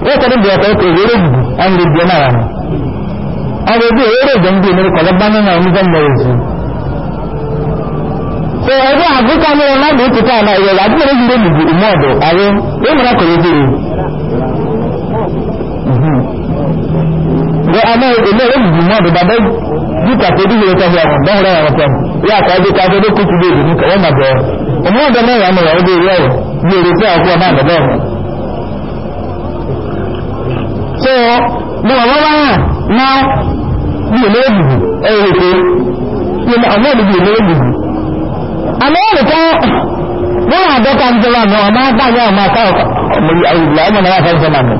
wọ́n kọ́ níbi ọ̀pọ̀ ẹ̀kọ́ ìwéré ìbù ọ̀nà ìbí ọ̀nà ara ọ̀rọ̀ ìbí ìwéré ìjọmdé ìmẹ́rẹ́ kọ̀ lọ́gbá nínú àwọn ìjọ sí so ẹgbẹ́ àbúkà ní wọn lábẹ́ òkúta àmà ìrẹ̀lẹ̀ àbúrò ìgbé ìbù ìmọ̀ ọ̀dọ̀ ààrẹ ó mọ̀rá kọ̀ lójú rẹ̀ wọ́n àmọ́ ilé ìbù ìmọ̀ ọ̀dọ̀ bàbá dúkà tó dúró ẹ̀kọ́ fún àwọn bọ́ọ̀rọ̀ àwọn tán yà kọ́ ọdún káfẹ́ ló kú ti dé ìbù ní kọ̀wọ́ màbọ̀ ọmọ ọ̀dọ̀ mẹ́rin àmọ̀ ọ̀dọ̀ ìrẹ̀ ọ̀rọ̀ ní èrè fún àwọn ọmọ àgbẹ̀bẹ̀ mọ̀wọ́wọ́ náà bí olóògùn ẹ̀rẹ̀ pé yẹmọ̀ àwọn olùgbò olóògùn amẹ́rìkọ́ wọ́n àdọ́ta ń jọra náà máa dáyẹ ọmọ akáwọ̀ ọmọ ọmọ náà fẹ́ jọra náà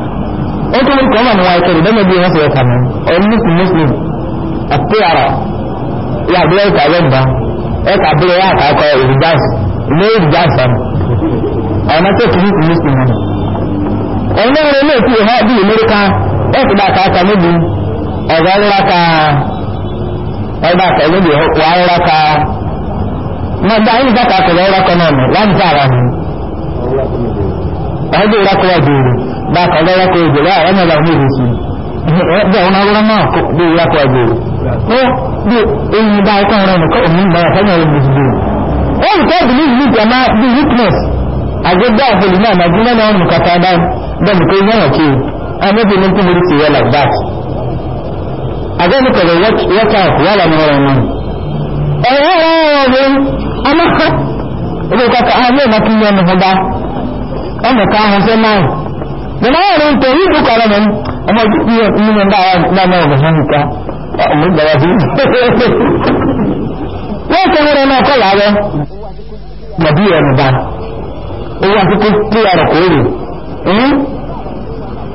ó tó ń kọ́ ọmọ àwọn ẹ̀kẹ́rì lẹ́mọ̀ bí wọ́n sì ẹ̀kà náà ọmọ muslim àti ara yàgbé ẹ̀kà lẹ́mbà ẹ̀kà bí wọ́n àkàkọ́ ìrìjáàsì ilé ìrìjáàsì ọmọ tó kìí muslim ọmọ rẹ̀ lè fi ìhọ́ bí ìmẹ́ríkà ẹ̀kùdà kàákà níbi ọ̀gọ́ ńláka ọba kẹlẹ́bì wà ńláka mọ̀gbà yìí dákà kọ̀lọ̀ ńláka náà nù wọ́n tà rà nù ọdún ńláka wà jèrè bá kọ̀lọ̀ ńláka wà jèrè àwọn ọ̀nà ní ìrìsì bẹ́ẹ̀ wọn awúrọ̀ náà kó bí ńláka wà jèrè ó bí eyín bá ẹ̀kọ́ rẹ̀ nù kọ́ òun ń bára fẹ́yìn ọ̀rọ̀ ìbùsùn jèrè ó ń kọ́ bìlí ìlú ìjọba bí weakness àgbẹ̀dá àfẹlẹ̀ náà nàìjíríà náà nù anábìnrin kú lórí ti yẹlà dat agbẹ́nukọ̀rọ̀ wọ́ta wàlà ní ọ̀rọ̀ náà ọ̀rọ̀ ọ̀rọ̀ amáhà olùkọ́kọ́ àwọn ọmọ kí yẹn nìhun bá ọmọ ká ahùn sí náà nínú ọ̀rọ̀ ń torí ìlú kọ̀rọ̀ mi ọmọ ìdíkú yẹn nínú ẹ̀dá náà ọmọ hàn nìka ọmọ ìgbàwá sí wọ́n kọ́ wọ́n náà kọ́ làárọ̀ mọ̀bí ẹ̀rù bá owó àkókò tó yàrá kò rè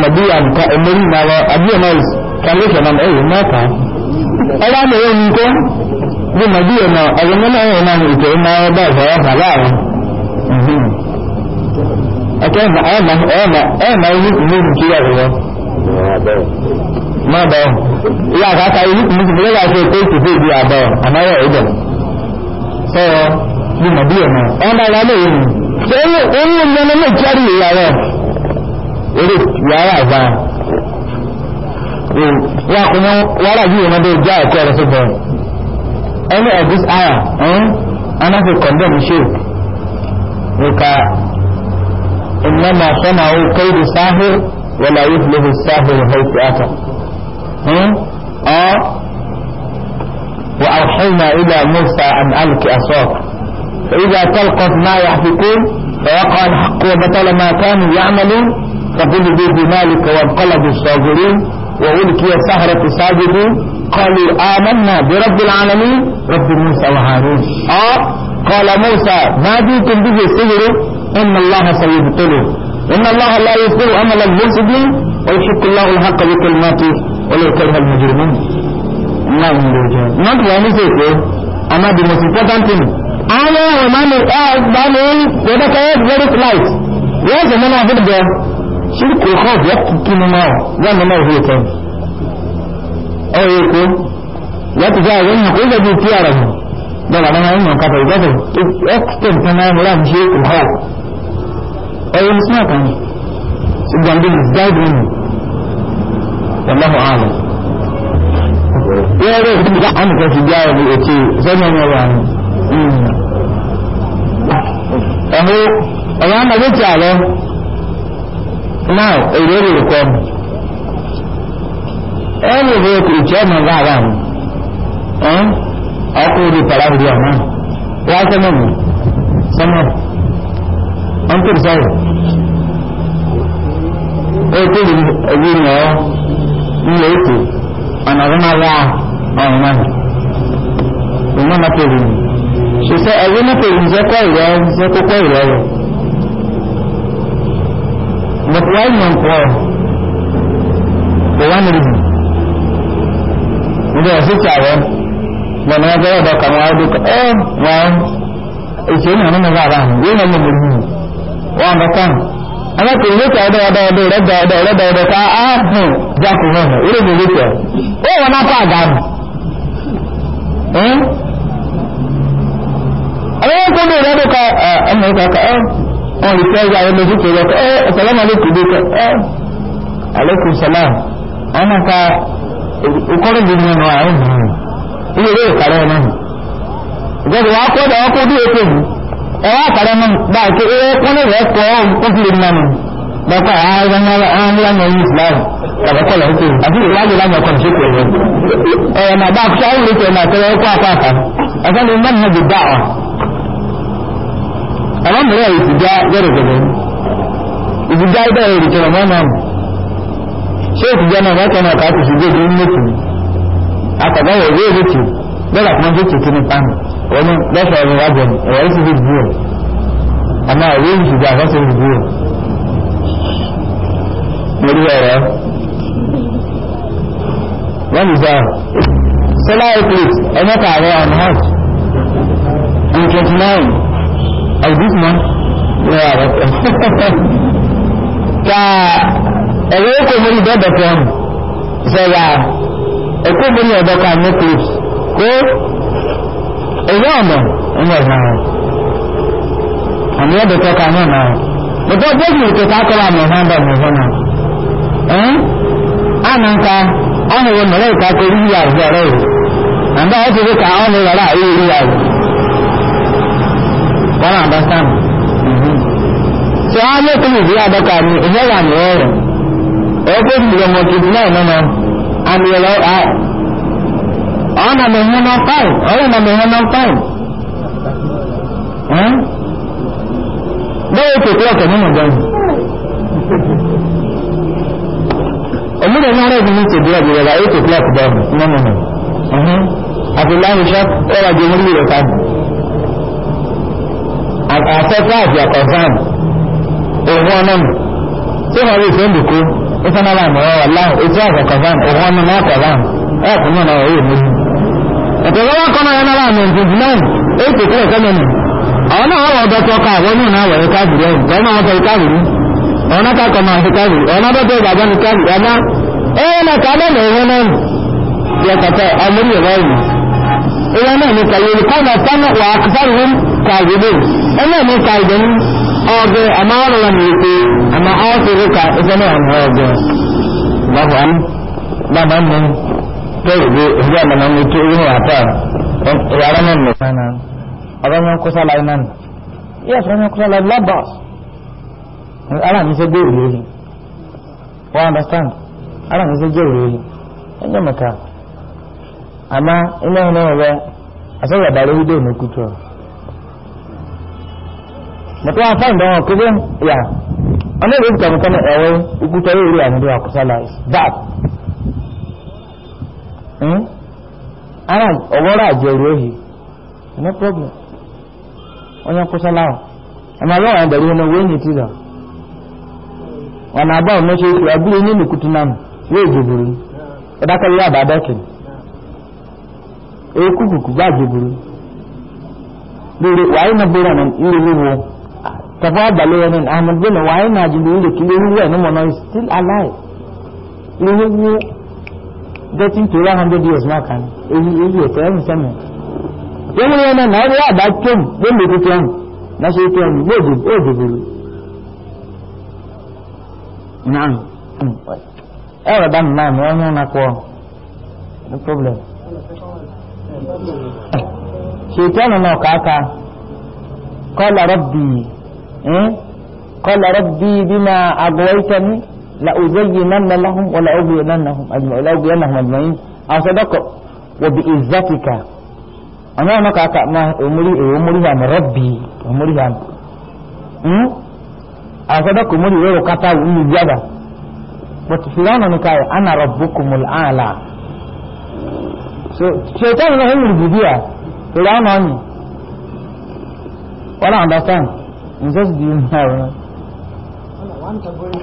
mọ̀bíyà nǹkan ẹ̀mọ́rí máa lọ abíọ̀mọ́s translation náà ẹ̀yẹ mọ́ta ọwá mẹ́rẹ́ ní kó bí mọ̀bíyà náà ọ̀yọ́mọ́nà ẹ̀yẹ náà ìtẹ̀ máa bá ìfọwọ́ bàbá rẹ̀ ọ̀kẹ́ ẹ̀mà ìlú ìlú nàìjíríà rẹ̀ máa bọ̀ ìyá àkàkà ìlú ìlú ìlú ìlú ìlú ìlú ìlú ìlú àbọ̀ àmáyọ̀ ìbọ̀ sọ́ọ̀ bí mọ̀bíyà náà ọmọ ìlú ìlú ìlú ìlú ìlú eré yàrá àgbà wà kún wàrà yìí wọn dé já ẹ̀kọ́ rẹ̀ sí bọ̀ọ̀ ẹni of this hour ẹ̀hún anáfi condemn sheik nìka ìnáma sọ́nà ó kéde sáhé wọlé ayé fìlẹ́fì sáhé rẹ̀ hẹ́ẹ̀tì àtọ̀ ọ́ وأوحينا إلى موسى أن ألك أصوك فإذا تلقف ما يحفكون فوقع الحق وبطل ما كانوا يعملون فقل بيد مالك وانقلبوا الصابرين وألقي سهرة ساجدين قالوا آمنا برب العالمين رب موسى وهارون آه قال موسى ما جئتم به سهر إن الله سيبطله إن الله لا يصدر أمل المفسدين ويحق الله الحق بكلماته ولو كره المجرمين نعم نعم نعم نعم نعم نعم نعم نعم نعم نعم نعم أنا ومن الأعضاء من يدك يد very light yes أنا أعبد شرك وخوف يقتل معه لأن ما هو تاني أو يكون يتجاوز منها كل ذي تياره ده معناها إنه قتل قتل اقتل تمام لا شيء الحال أو مسمع تاني سيدنا عندنا ازداد منه والله أعلم يا ريت بقى عنك في الجاية زمان زمن يعني أهو أنا ما جيت عليه now èrè rè kọ́ mi ẹni ìwé okùn ìjẹ́ ọmọ bá wà mí ọkùnrin rí pàlà rí ọ̀nà wá sọ́nà mi sọ́nà ọ̀n tó sọ̀rọ̀ ó tó rí ẹbí mi ọ́ nílé ètò ọ̀nà ọ̀rọ̀ máa wá ọ̀rọ̀ náà ìmọ̀ náà pèrè mi ṣùgbọ́n ẹbí náà pèrè mi sẹ́kọ̀ọ́ ìrọ̀ sẹ́kọ̀ọ́ ìrọ̀ rẹ̀. But why Mankor? For one reason. Nígbà síkà rẹ̀, lọ́nà ọjọ́ ọ̀dọ̀ kan wá dúkọ̀, ẹ́ wọ́n ìṣe ní àwọn ọmọ ara hàn, yóò lọ́nà lórí wọn bọ̀ kan. Alákùnrin lókè ọdọ ọdọ ọdọ rẹ̀dọ̀ ọdọ rẹ̀dọ̀ ọdọ ká á hùn jákù hàn, orí mi lókè. Ó wọn náà pa àgá nù. Ọlọ́wọ́n kó lè rẹ́dọ̀ ká ọmọ ìkọ̀ọ̀kọ̀ wọ́n lè fẹ́ ya ẹgbẹ́ fún kèrè ọkọ̀ ẹ́ ọ̀sọ̀lọ́mà alékùn dé kọ́ ẹ́ alékùn sọ́lá ọmọ ká ìkọ́rọ̀ ìdí nínú àárín ìhìn ilé ìwé ìkàrẹ́ ọ̀nà ìjọba wa kọ́ ọ̀dọ̀ ọkọ̀ bí ètò yìí ẹwà àkàrẹ́ mọ́ bá ké ẹ wọ́n lè rẹ́ kọ́ ó fi lè nánú lọ́kọ̀ àwọn ọmọ islam kàbọ̀kọ̀ lọ́kọ̀ àti ìwádìí láwọn ọkọ̀ ṣe kò yẹ ẹ̀ amma mura ifija gare gaba ifija ida ya rike mama na mu sai ifija na ba kana ka ku shige da mutu aka ga ya zai zuci daga kuma zuci tuni fan wani da shi ne wajen ya yi su biyu amma ya yi shi da wasu biyu muriya ya wani za solar eclipse ẹmọ́ta àwọn àmì hajj 29 Oh, this one? Yeah, okay. Ka ẹ̀rẹ́ ẹ̀kọ́ mú ìdọ́dọ̀ kan sọ̀rọ̀ ẹ̀kọ́ mú ní ọ̀dọ́ kan ní clips kó ẹ̀yọ́ ọ̀nà ẹ̀yọ́ ọ̀nà àmì ọ̀dọ̀ kan kan náà náà bọ̀dọ̀ bọ́ọ̀lù ètò kákọ́lá àmì ọ̀nà ọ̀dọ̀ ọ̀nà ọ̀nà ẹ̀yìn àmì nǹka ọ̀nà ìwọ̀n mọ̀lẹ́ ìkákọ́ orí ìyàwó ọ̀rẹ́ yìí àmì ọ̀dọ̀ ọ̀tọ̀ bá sáàmù tí wọ́n á lé fún ìdí àdọ́kà ní ìjọba ní ọ̀rọ̀ ẹ̀kọ́ ìdílé ọmọ kìdí náà nínú àmì ẹ̀rọ ọ̀nà mẹ́hìn náà fáìn ọ̀nà mẹ́hìn náà fáìn bẹ́ẹ̀ tètè ọ̀kẹ́ nínú gbọ́n òmìnira náà rẹ̀ ní tètè ọ̀gbìn rẹ̀ bá 8 o'clock bọ́ọ̀mù nínú àti láàrín ṣọ́ọ̀kì ẹ̀rọ àjẹmọ́lì rẹ̀ káàdì àfẹ́fẹ́ àti àkọ̀fáàmù òun ọ̀nà nù tí wọ́n rí ìfẹ́ ìdìkú ìfẹ́nàlá ìmọ̀ràn wà láhùn ètí àkọ̀fáàmù òun ọ̀nà náà kọ̀fáàmù ẹ̀kùn náà náà yóò mú ẹ̀tẹ̀wọ́ wọn kọ́nà yẹn náà nù ìdìbò náà èyí tó kúrò sẹ́nu nù àwọn náà wọ́n ọ̀dọ́ tó ká àwọn náà náà wọ̀nyí káàbìrì ẹ̀yìn tẹ́lẹ̀ náà wọ́n fẹ́ káàbìrì ọ̀nà kákọ̀ máa fi káàbìrì ọ̀nà bẹ́tẹ̀ bàbá ni káàbìrì ọ̀nà ẹ̀yìn náà káàbẹ̀ náà náà kàgbélé ẹlẹ́ẹ̀mí kàgbé ní ọgbẹ́ àmà ọ̀rọ̀lá ní ìpé àmà ọ́sẹ̀rẹ̀ ka ẹsẹ̀ náà ní ọgbẹ́ bàbá mi bàbá mi tẹ́lẹ̀ bí ìdí àmàlà mi tó ìhùn àtà ìyára náà nù. ọ̀rọ̀ yẹn kó sálà iná nù yíyá sọ̀rọ̀ yẹn kó sálà lábà ara mi sẹ́ gbé òwe yìí wọ́n understand ara mi sẹ́ gbé òwe yìí ẹ̀yẹ́ mẹ́ta àmà ilé ìnáwó rẹ̀ àṣẹ ìyàbà lórí dé ìmẹ́kútù mọ̀tọ́ wọn fáwọn ìdánwò kéde yà ọ̀nà ìwé ìtàn kan ẹ̀wọ́ ìkútọ́ yóò rí àwọn ara ọ̀wọ́rọ̀ àjẹrò èyí onye kọsálà ọ̀ ẹ̀mà lọ́wọ́ àbá ọmọ ṣe ìwà ní nìkútù náà wọ́n èjìbùrú ẹ̀dákẹ́lẹ́ àbádọ́kì èkúkùkù bá lórí tafadhali yani Ahmad bin Waima ajili kile huyu ni mwana is still alive ile huyu getting to 100 years now kan ili ili yetu yani sema yeye yana na ya batum bende kutan na shi kutan bodu bodu bulu naam ewa dan na na yana na kwa no problem shetani na kaka قال ربي قال ربي بما أغويتني لأزينن لهم ولأبيننهم أجمعين لأبينهم أجمعين أو صدق وبإزتك أنا ما كاكا ما أمري أمري عن ربي أمري عن أو صدق أمري ويرو كتا وإني جدا وتفلانا نكاي أنا ربكم الأعلى so شيطان هو الجديد فلانا ولا understand Just give me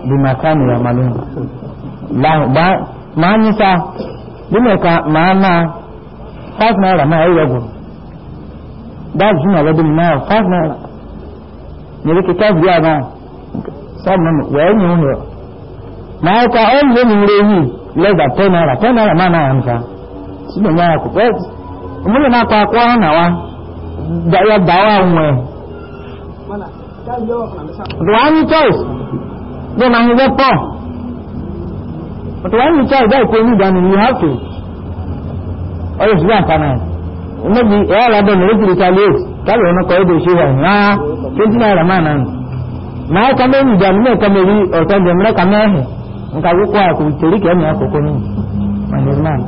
bimakani ya malumu la ba maani sa bime ka maana five naira ma ayi yago daa juma la bime naira five naira nyere kika biya na sab na wɛɛ nyi hɔ maa ka ɔn oh, lé ni wúlò yìí lẹ́gbà ten naira ten naira maa náà yàn fa síbẹ̀ nyɛ àkókò ẹ̀ ọmọlẹ́ni akọ akọ ọ̀hún náà wa dawa àwọn ẹ̀. Duwani choice. Then I'm not poor. But when you choice, that is only done. You have to. Or it's not coming. Maybe all of them will retaliate. Kali wana kwa hiyo shiva na 20 naira maana. Na kama ni jamii kama hii otande mna kama hii. Nkagukwa kutiriki yani hapo kwa nini? Manderman.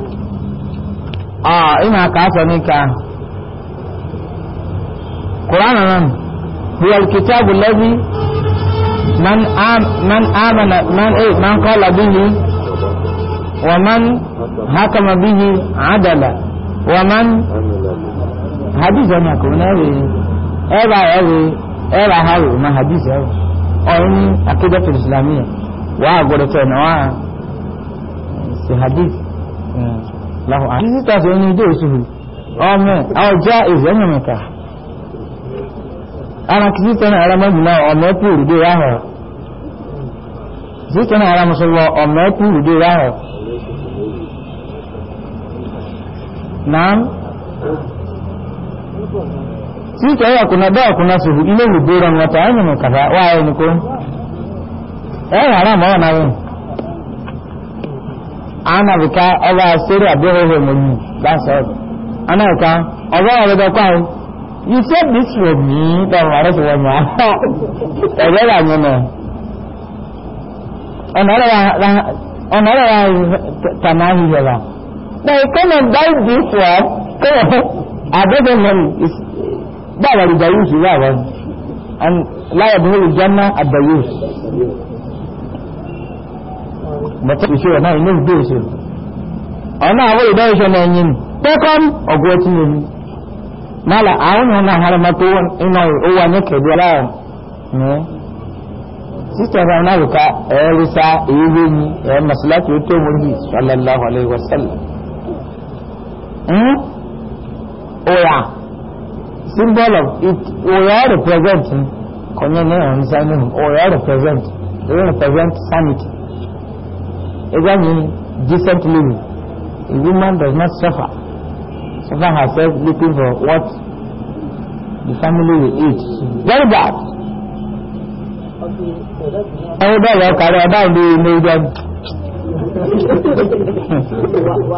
Ah ina kaasa nika. Qur'an nan هو الكتاب الذي من من آمن من إيه من قال به ومن حكم به عدلا ومن حديث أنا كنا إبا إبا إبا هاي ما حديث أو أين أكيدة الإسلامية وأقول تاني وا حديث له حديث تاسو إني دوسه أو من أو جائز أنا مكاه ana kisi tana ara ma nyina ọmọ ẹkú òrùdé ya hàn kisi tana ara ma sọlọ ọmọ ẹkú òrùdé ya hàn naam kisi tẹ ya kuna bẹẹ kuna sòfò ilé òrùdé rẹ ńlọta ẹ nyẹ kàfà wà á ẹni kó ẹ yà ara ma ana You said this for me, then what is one now? Ẹ̀rẹ́ rà yẹn nà. Ọ̀nà rẹ̀ rà tàmà yìí rà. Now come and buy this one, come on, àbẹ̀bẹ̀ mẹ́rin. Báwo ni Dayus yìí wà wọ́n? Láyọ̀ bí wọ́n jẹ́nà àdayus. Bàtà ìṣòro náà inú ìgbé ìṣòro. Ọ̀nà àwọn ìdáyẹ̀ṣọ́ náà yín. Tẹ́kọ̀m ọ̀gọ́ tí mo ní mala àwọn ọmọ ahara mọ́tò wọn iná owó anyẹ kẹbi ọláwọ ní sísítẹ̀ náà náà wùká ẹ̀ẹ́rì sá èyí wé ní ẹ̀ẹ́ masalaki ó tó wọn yìí sallallahu alayhi wa sallam. ọ̀yà hmm? symbol of it ọ̀yà represent kọ̀nyẹ́ ní ọ̀hún sáyẹn ní ọ̀yà represent ọ̀yà represent sanity. ẹgbẹ́ mi decent living a woman does not suffer suffer herself looking for what the family will eat. Very bad. Ẹ̀rọ bẹ́ẹ̀ lọ kàrí ọba ìlú ilé ìjọ ni.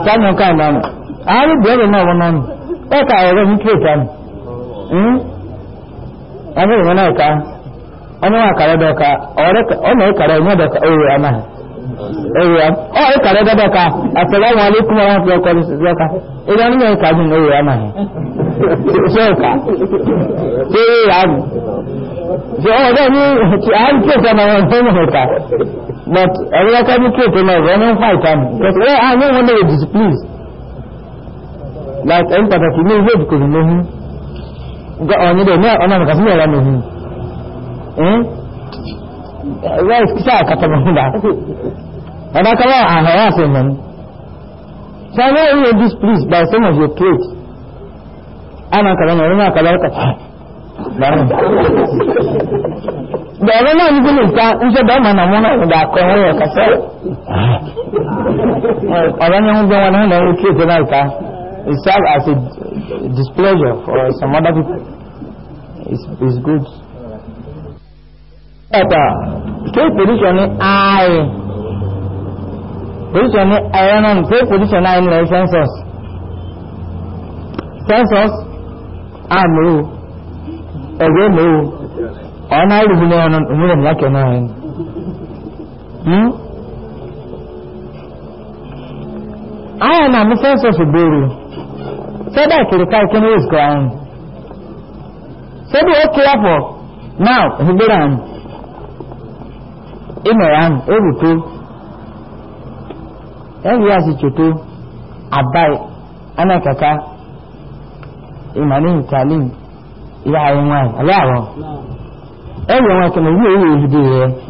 Sánú ká ìlànà. Àárín bẹ̀rẹ̀ náà wọ́n náà nù. Ẹ ka ẹ̀rọ ní kí èta nù. Ẹ̀rọ ìwọ̀n náà ká. Ọmọ wa kàrẹ́ dọ̀ka. Ọ̀nà ìkàrẹ́ ìyẹn dọ̀ka. Ó rẹ̀ ọmọ yẹn. eweya ọ ịkara gaba ka asalamu alaikum wa rahmatullahi wa barakatuh ka idan ni mai kajin eweya ma he so ka so ya ni so ọ da ni ti an ke ta na won ho ka but ẹni ya ka ni ke ta ka but where i no wonder with displease like en pàtàkì ni we bi ko ni hu ga oni na ona rice And I cannot harass him. So I'm not even displeased by some of your traits. And I cannot know. I cannot Bẹ̀rẹ̀ náà ní bílí ìta ń ṣe bẹ́ẹ̀ mọ̀nà mọ́nà ìdá àkọ́wé rẹ̀ kẹsẹ̀. Ọ̀rọ̀ ni wọ́n gbé wọn náà lọ́wọ́ kí ètò náà ìta. It serves as a displeasure for some other people. It's, it's good. Ẹ̀ta, kí èpè ní sọ ní position ni iron ṣé position náà ń lọ census census àmúrò ẹ̀gbẹ́ mòó ọ̀nà ìrùbí ní ọ̀nà òmìnira ìyákẹ́ náà rẹ̀ ayọ̀ náà ní census ìbéèrè sẹ́dá ìkìríkà ìkíní ìsìkò àrùn sẹ́dá ó kíra pọ̀ náà ìgbéra àrùn ìmọ̀ àrùn èrùtó yan ya su ceto abai ana kaka imanin talin ya ayin wani alawa yan yawa kuma yi yi yi